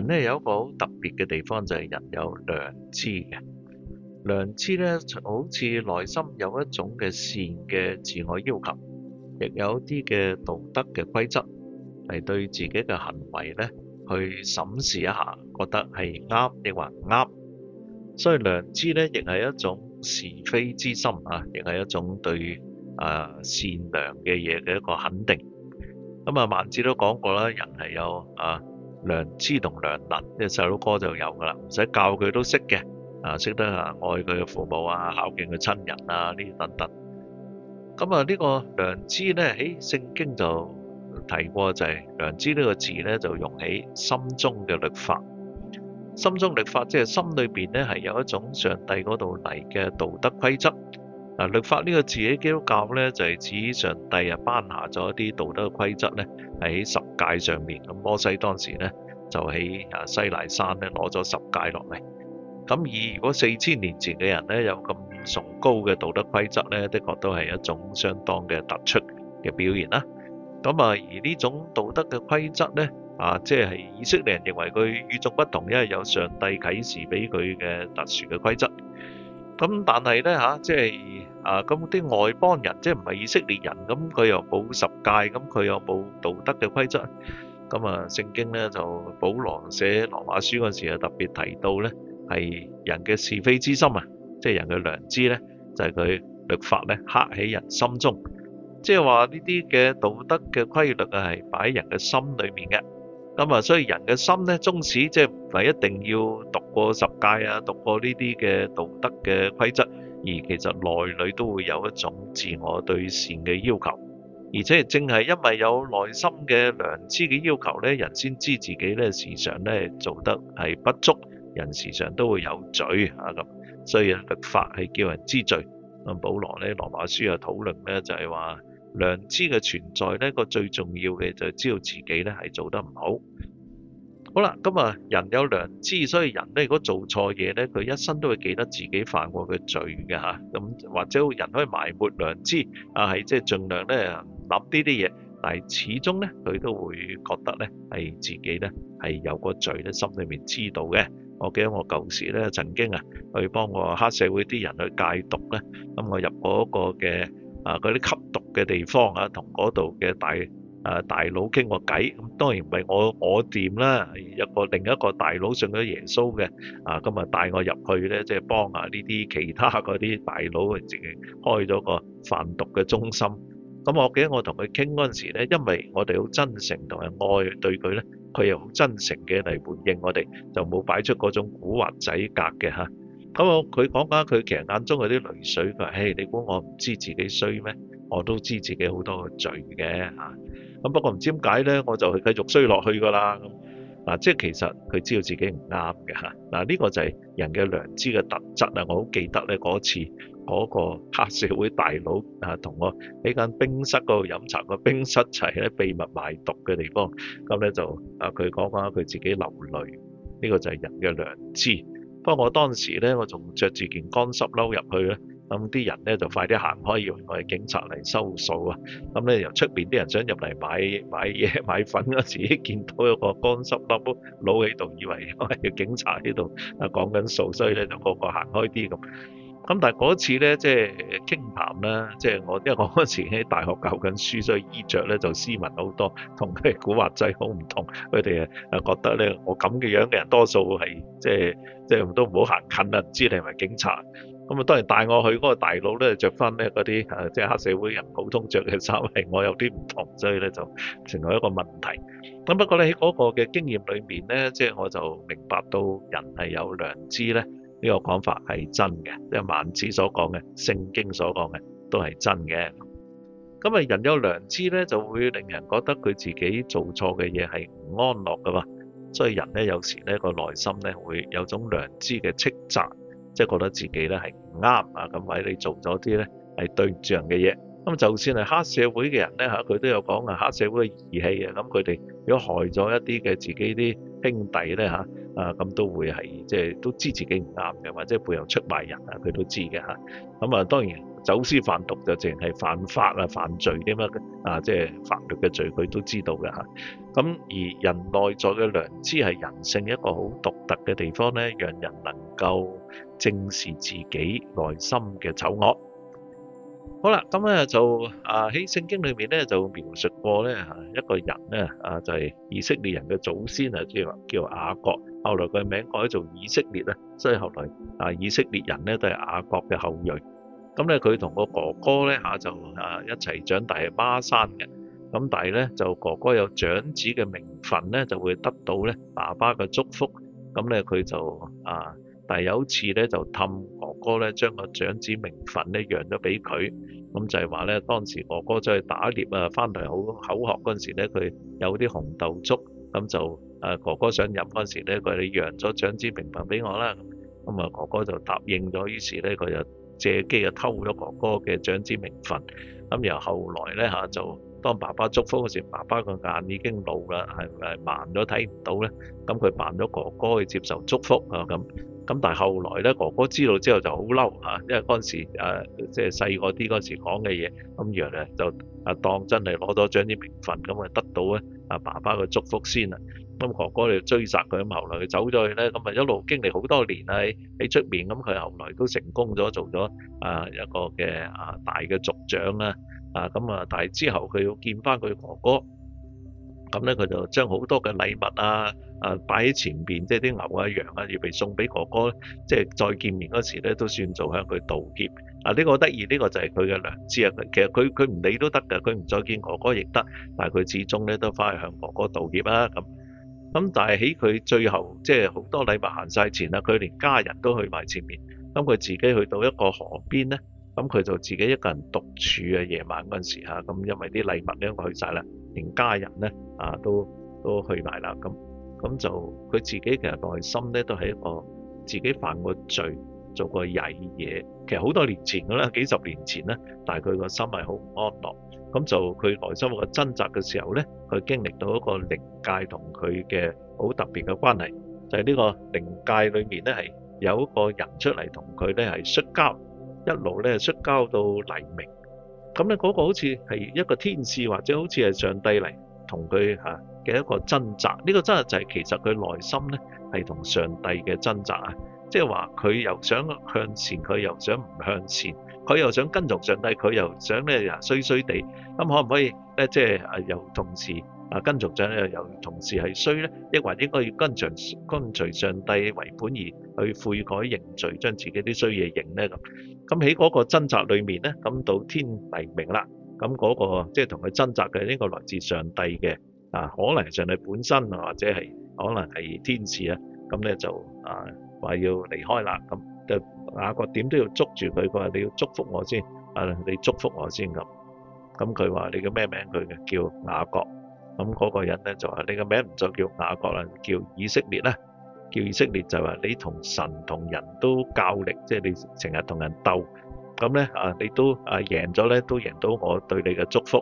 人咧，有一個好特別嘅地方，就係、是、人有良知嘅。良知咧，好似內心有一種嘅善嘅自我要求，亦有啲嘅道德嘅規則嚟對自己嘅行為咧去審視一下，覺得係啱亦唔啱。所以良知咧亦係一種是非之心啊，亦係一種對啊善良嘅嘢嘅一個肯定。咁、嗯、啊，孟子都講過啦，人係有啊。良知同良能，即係細佬哥就有噶啦，唔使教佢都識嘅。啊，識得啊，愛佢嘅父母啊，孝敬佢親人啊，呢啲等等。咁啊，呢個良知咧喺聖經就提過，就係良知呢個詞咧就用喺心中嘅律法。心中律法即係心裏邊咧係有一種上帝嗰度嚟嘅道德規則。啊！律法呢個字喺基督教咧，就係指上帝啊，頒下咗一啲道德嘅規則咧，喺十戒上面。咁摩西當時咧，就喺啊西奈山咧攞咗十戒落嚟。咁而如果四千年前嘅人咧，有咁崇高嘅道德規則咧，的確都係一種相當嘅突出嘅表現啦。咁啊，而呢種道德嘅規則咧，啊，即係以色列人認為佢與眾不同，因為有上帝啟示俾佢嘅特殊嘅規則。咁但係咧嚇，即係。啊，咁啲外邦人即係唔係以色列人，咁佢又冇十誡，咁佢又冇道德嘅規則，咁啊，聖經咧就保羅寫羅馬書嗰陣時，又特別提到咧係人嘅是非之心啊，即係人嘅良知咧就係佢律法咧刻喺人心中，即係話呢啲嘅道德嘅規律啊係擺喺人嘅心裏面嘅，咁啊，所以人嘅心咧終始即係唔係一定要讀過十誡啊，讀過呢啲嘅道德嘅規則。而其實內裏都會有一種自我對善嘅要求，而且正係因為有內心嘅良知嘅要求咧，人先知自己咧時常咧做得係不足，人時常都會有罪咁，所以律法係叫人知罪。咁保羅咧羅馬書有討論咧就係話良知嘅存在呢個最重要嘅就係知道自己咧係做得唔好。好啦，咁啊，人有良知，所以人咧，如果做錯嘢咧，佢一生都會記得自己犯過嘅罪嘅吓。咁或者人可以埋沒良知，啊，係即係盡量咧，唔諗呢啲嘢。但係始終咧，佢都會覺得咧，係自己咧係有個罪咧，心裏面知道嘅。我記得我舊時咧曾經啊，去幫個黑社會啲人去戒毒咧，咁我入嗰個嘅啊嗰啲吸毒嘅地方啊，同嗰度嘅大大佬傾過偈，咁當然唔係我我掂啦，一個另一個大佬信咗耶穌嘅，啊咁、就是、啊帶我入去咧，即係幫啊呢啲其他嗰啲大佬，佢自己開咗個販毒嘅中心。咁我記得我同佢傾嗰陣時咧，因為我哋好真誠同埋愛對佢咧，佢又好真誠嘅嚟回應我哋，就冇擺出嗰種古惑仔格嘅嚇。咁我佢講緊佢其實眼中嗰啲淚水，佢話：嘿，你估我唔知自己衰咩？我都知自己好多個罪嘅嚇，咁不過唔知點解咧，我就繼續衰落去㗎啦咁。嗱，即係其實佢知道自己唔啱嘅嚇。嗱，呢個就係人嘅良知嘅特質啊！我好記得咧，嗰次嗰個黑社會大佬啊，同我喺間冰室嗰度飲茶，個冰室齊咧秘密賣毒嘅地方，咁咧就啊，佢講講下佢自己流淚，呢個就係人嘅良知。不過我當時咧，我仲着住件乾濕褸入去咧。咁啲人咧就快啲行開，以為我哋警察嚟收數啊！咁咧由出面啲人想入嚟買嘢買、買粉嗰時，見到有個乾濕粒佬喺度，以為我係警察喺度啊，講緊數，所以咧就個個行開啲咁。咁但係嗰次咧，即係傾談啦，即係我因為我嗰時喺大學教緊書，所以衣着咧就斯文好多，同佢哋古惑仔好唔同。佢哋啊覺得咧我咁嘅樣嘅人，多數係即係即係都唔好行近啊，唔知你係咪警察。咁啊，當然帶我去嗰個大佬咧，着翻咧嗰啲即係黑社會人普通着嘅衫，係我有啲唔同，所以咧就成為一個問題。咁不過咧喺嗰個嘅經驗裏面咧，即係我就明白到人係有良知咧，呢個講法係真嘅，即係孟子所講嘅、聖經所講嘅都係真嘅。咁啊，人有良知咧，就會令人覺得佢自己做錯嘅嘢係唔安樂噶嘛。所以人咧有時咧個內心咧會有種良知嘅斥責。即係覺得自己咧係唔啱啊！咁或者你做咗啲咧係對唔住人嘅嘢，咁就算係黑社會嘅人咧，嚇，佢都有講啊，黑社會嘅義氣啊，咁佢哋。如果害咗一啲嘅自己啲兄弟咧吓，啊，咁、啊啊、都會係即係都知自己唔啱嘅，或者背後出賣人啊，佢都知嘅吓，咁啊，當然走私販毒就淨係犯法啊，犯罪啲乜啊，即、就、係、是、法律嘅罪，佢都知道嘅吓，咁、啊、而人內在嘅良知係人性一個好獨特嘅地方咧，讓人能夠正視自己內心嘅醜惡。好啦，咁咧就啊喺聖經裏面咧就描述過咧，一個人咧啊就係、是、以色列人嘅祖先啊，即係話叫雅各，後來佢名改做以色列啦，所以後來啊以色列人咧都係雅各嘅後裔。咁咧佢同個哥哥咧就啊一齊長大係孖生嘅，咁但係咧就哥哥有長子嘅名分咧就會得到咧爸爸嘅祝福，咁咧佢就啊。但有次咧，就氹哥哥咧，將個長子名份咧讓咗俾佢。咁就係話咧，當時哥哥出去打獵啊，翻嚟好口渴嗰陣時咧，佢有啲紅豆粥，咁就誒哥哥想飲嗰陣時咧，佢就讓咗長子名份俾我啦。咁啊，哥哥就答應咗，於是咧佢就借機啊偷咗哥哥嘅長子名份。咁由後來咧嚇就當爸爸祝福嗰時，爸爸個眼已經老啦，係咪盲咗睇唔到咧？咁佢扮咗哥哥去接受祝福啊咁。咁但係後來咧，哥哥知道之後就好嬲嚇，因為嗰陣時、呃、即係細個啲嗰陣時講嘅嘢，咁樣咧就啊當真係攞咗獎啲名分，咁啊得到咧啊爸爸嘅祝福先啦。咁哥哥就追殺佢，咁後來佢走咗去咧，咁啊一路經歷好多年啊喺喺出面，咁佢後來都成功咗做咗啊一個嘅啊大嘅族長啦啊咁啊，但係之後佢要見翻佢哥哥。咁咧，佢就將好多嘅禮物啊，啊擺喺前面，即係啲牛啊、羊啊，預備送俾哥哥，即係再見面嗰時咧，都算做向佢道歉。啊呢個得意，呢個就係佢嘅良知啊。其實佢佢唔理都得㗎，佢唔再見哥哥亦得，但係佢始終咧都翻去向哥哥道歉啦。咁咁，但係喺佢最後，即係好多禮物行晒前啦，佢連家人都去埋前面，咁佢自己去到一個河邊咧，咁佢就自己一個人獨處啊夜晚嗰時吓，咁因為啲禮物咧佢去晒啦。連家人咧啊，都都去埋啦。咁咁就佢自己其實內心咧都係一個自己犯過罪、做過曳嘢。其實好多年前嘅啦，幾十年前啦，但係佢個心係好唔安樂。咁就佢內心個掙扎嘅時候咧，佢經歷到一個靈界同佢嘅好特別嘅關係，就係呢個靈界裏面咧係有個人出嚟同佢咧係摔跤，一路咧摔跤到黎明。咁咧嗰個好似係一個天使或者好似係上帝嚟同佢嘅一個掙扎，呢個真係就係其實佢內心咧係同上帝嘅掙扎啊，即係話佢又想向前，佢又想唔向前，佢又想跟從上帝，佢又想咧啊衰衰地，咁可唔可以咧即係啊又同時啊，跟族長咧又同時係衰咧，亦或應該要跟隨跟隨上帝為本而去悔改認罪，將自己啲衰嘢認咧咁。咁喺嗰個掙扎裏面咧，咁到天黎明啦。咁嗰、嗰個即係同佢掙扎嘅呢、呢個來自上帝嘅啊，可能上帝本身啊，或者係可能係天使就啊。咁咧就啊話要離開啦。咁雅各點都要捉住佢，佢話你要祝福我先啊，你祝福我先咁。咁佢話你叫咩名？佢嘅叫雅各。咁嗰個人咧就話你個名唔再叫雅各喇，叫以色列咧，叫以色列就話你同神同人都較力，即係你成日同人鬥。咁咧啊，你都啊贏咗咧，都贏到我對你嘅祝福。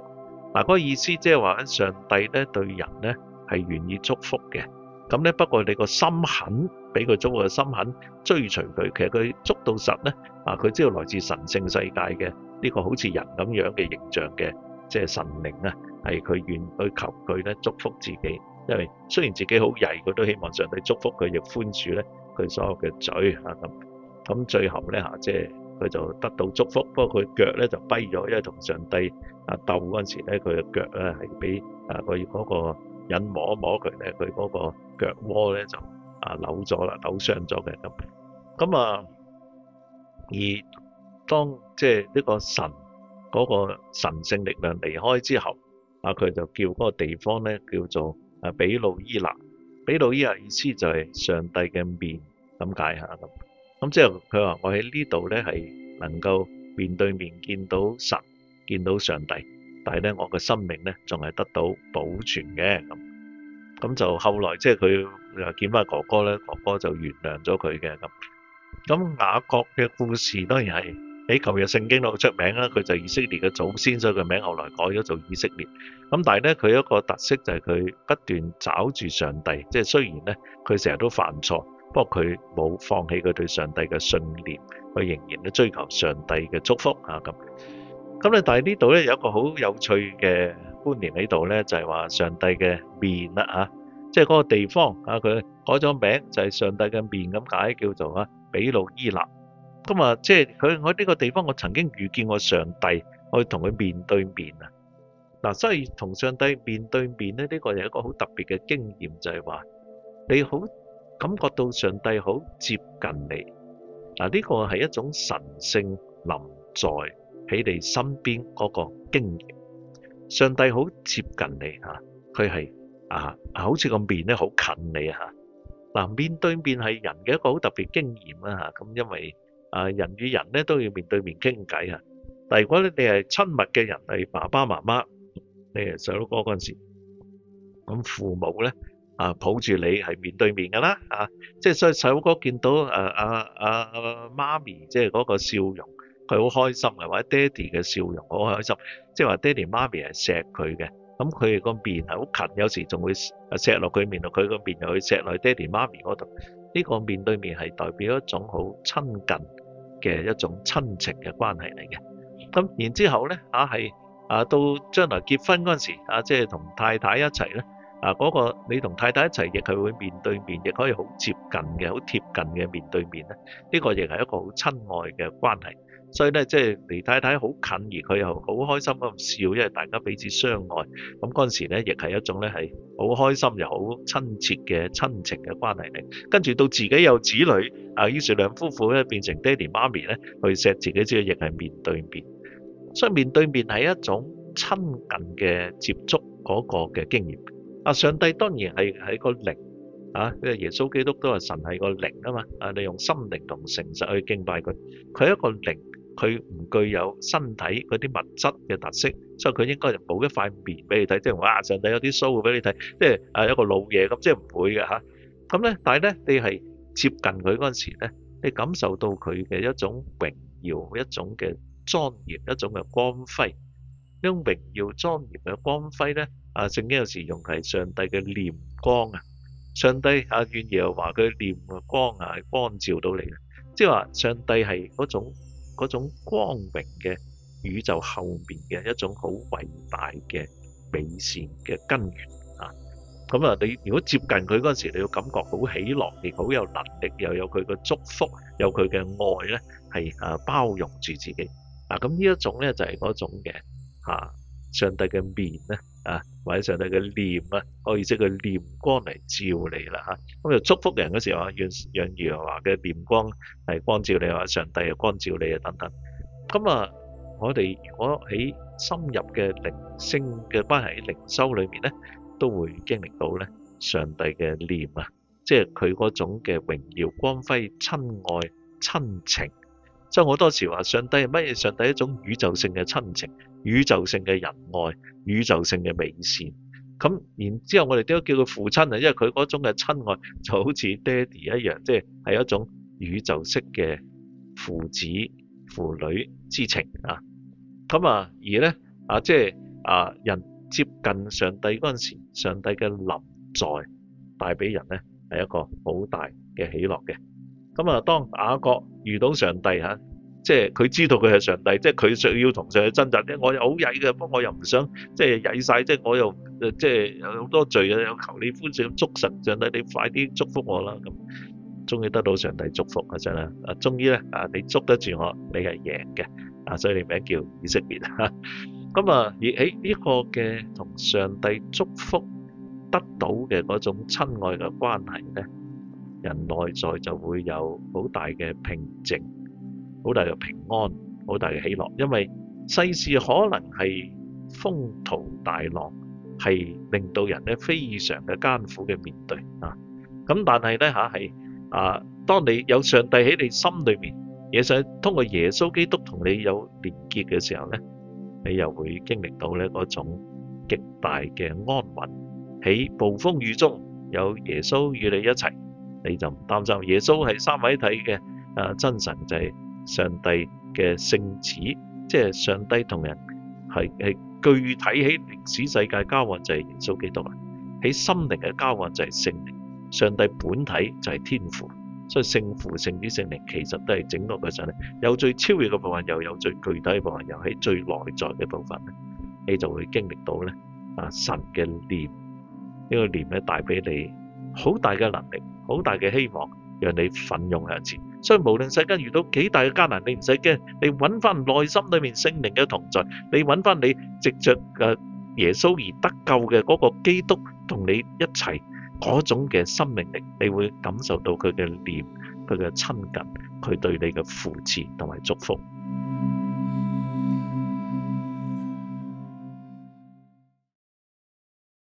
嗱，嗰意思即係話上帝咧對人咧係願意祝福嘅。咁咧不過你個心狠俾佢捉個心狠追隨佢，其實佢捉到實咧啊，佢知道來自神聖世界嘅呢個好似人咁樣嘅形象嘅即係神靈啊。係佢願去求佢咧祝福自己，因為雖然自己好曳，佢都希望上帝祝福佢，亦寬恕咧佢所有嘅罪。啊咁。咁最後咧嚇，即係佢就得到祝福，不過佢腳咧就跛咗，因為同上帝啊鬥嗰陣時咧，佢嘅腳咧係俾啊佢嗰個人摸一摸佢咧，佢嗰個腳窩咧就啊扭咗啦，扭傷咗嘅咁。咁啊，而當即係呢個神嗰、嗰個神性力量離開之後。啊！佢就叫嗰個地方咧，叫做啊比路伊納。比路伊納，意思就係上帝嘅面咁解下。咁。咁之後佢話：我喺呢度咧係能夠面對面見到神，見到上帝。但係咧，我嘅生命咧仲係得到保存嘅咁。咁就後來即係佢又見翻哥哥咧，哥哥就原諒咗佢嘅咁。咁雅各嘅故事當然係。喺舊日聖經都出名啦，佢就係以色列嘅祖先，所以佢名後來改咗做以色列。咁但係咧，佢一個特色就係佢不斷找住上帝，即係雖然咧佢成日都犯錯，不過佢冇放棄佢對上帝嘅信念，佢仍然都追求上帝嘅祝福啊咁。咁咧，但係呢度咧有一個好有趣嘅觀念喺度咧，就係話上帝嘅面啦嚇，即係嗰個地方啊，佢改咗名就係上帝嘅面咁解，叫做啊比路伊拿。今日即係佢，我呢個地方，我曾經遇見過上帝，我去同佢面對面啊！嗱，所以同上帝面對面咧，呢個係一個好特別嘅經驗，就係話你好感覺到上帝好接近你嗱，呢個係一種神性臨在喺你身邊嗰個經驗。上帝好接近你吓，佢係啊，啊，好似個面咧好近你嚇，嗱，面對面係人嘅一個好特別經驗啦，咁因為。啊！人與人咧都要面對面傾偈啊！但如果你係係親密嘅人，係爸爸媽媽，你係細佬哥嗰陣時，咁父母咧啊抱住你係面對面㗎啦啊！即係所以細佬哥見到啊啊啊媽咪，即係嗰個笑容，佢好開心嘅，或者爹哋嘅笑容好開心，即係話爹哋媽咪係錫佢嘅，咁佢個面係好近，有時仲會啊錫落佢面度，佢個面又會錫落去爹哋媽咪嗰度。呢個面對面係代表一種好親近。嘅一種親情嘅關係嚟嘅，咁然之後咧啊，係啊到將來結婚嗰陣時啊，即係同太太一齊咧啊，嗰個你同太太一齊亦係會面對面，亦可以好接近嘅、好貼近嘅面對面咧，呢個亦係一個好親愛嘅關係。所以咧，即係離太太好近，而佢又好開心咁笑，因為大家彼此相愛。咁嗰陣時咧，亦係一種咧係好開心又好親切嘅親情嘅關係嚟。跟住到自己有子女，啊，於是兩夫婦咧變成爹哋媽咪咧，去錫自己之後亦係面對面。所以面對面係一種親近嘅接觸嗰個嘅經驗。啊，上帝當然係喺個靈啊，因為耶穌基督都話神係個靈啊嘛。啊，你用心靈同誠實去敬拜佢，佢係一個靈。佢唔具有身體嗰啲物質嘅特色，所以佢應該就冇一塊面俾你睇，即係話，上帝有啲鬚俾你睇，即係啊一個老嘢咁，即係唔會嘅嚇。咁咧，但係咧，你係接近佢嗰陣時咧，你感受到佢嘅一種榮耀、一種嘅莊嚴、一種嘅光輝。呢種榮耀、莊嚴嘅光輝咧，啊聖經有時用係上帝嘅臉光啊，上帝啊，願耶話佢臉光啊，光照到你嘅，即係話上帝係嗰種。嗰種光榮嘅宇宙後面嘅一種好偉大嘅美善嘅根源啊！咁啊，你如果接近佢嗰陣時，你會感覺好喜樂，亦好有能力，又有佢嘅祝福，有佢嘅愛咧，係啊包容住自己啊！咁呢一種咧就係、是、嗰種嘅嚇上帝嘅面咧。啊，或者上帝嘅念啊，可以即係佢念光嚟照你啦，吓咁就祝福人嘅時候啊，讓讓耶和華嘅念光係光照你，話上帝啊光照你啊等等。咁、嗯、啊，我哋如果喺深入嘅靈性嘅關係、靈修裏面咧，都會經歷到咧上帝嘅念啊，即係佢嗰種嘅榮耀光輝、親愛親情。即係我好多時話，上帝係乜嘢？上帝一種宇宙性嘅親情。宇宙性嘅仁愛，宇宙性嘅美善，咁然之後我哋都叫佢父親啊。因為佢嗰種嘅親愛就好似爹哋一樣，即係係一種宇宙式嘅父子父女之情啊。咁啊，而咧啊，即係啊人接近上帝嗰陣時，上帝嘅臨在帶俾人咧係一個好大嘅喜樂嘅。咁啊，當雅各遇到上帝即係佢知道佢係上帝，即係佢想要同上帝掙扎咧。我又好曳嘅，不過我又唔想即係曳晒。即係我又即係有好多罪啊，求你寬恕，祝神上帝，你快啲祝福我啦。咁終於得到上帝祝福啊！真啊，啊終於咧啊，你捉得住我，你係贏嘅啊，所以你名叫以色列嚇。咁啊，而喺呢個嘅同上帝祝福得到嘅嗰種親愛嘅關係咧，人內在就會有好大嘅平靜。好大嘅平安，好大嘅喜樂，因為世事可能係風濤大浪，係令到人咧非常嘅艱苦嘅面對啊。咁但係咧吓係啊，當你有上帝喺你心裏面，也想通過耶穌基督同你有連結嘅時候咧，你又會經歷到咧嗰種極大嘅安穩。喺暴風雨中有耶穌與你一齊，你就唔擔心。耶穌係三位一體嘅啊真神就係。上帝嘅聖子，即係上帝同人係係具體喺歷史世界交換，就係耶穌基督啦。喺心靈嘅交換就係聖靈，上帝本體就係天父，所以聖父、聖子、聖靈其實都係整個嘅神咧。有最超越嘅部分，又有最具體嘅部分，又喺最內在嘅部分咧，你就會經歷到咧啊神嘅念呢、呢個念咧帶俾你好大嘅能力，好大嘅希望，讓你奮勇向前。所以，無論世間遇到幾大嘅艱難，你唔使驚，你揾翻內心裡面聖靈嘅同在，你揾翻你藉着嘅耶穌而得救嘅嗰個基督，同你一齊嗰種嘅生命力，你會感受到佢嘅念、佢嘅親近，佢對你嘅扶持同埋祝福。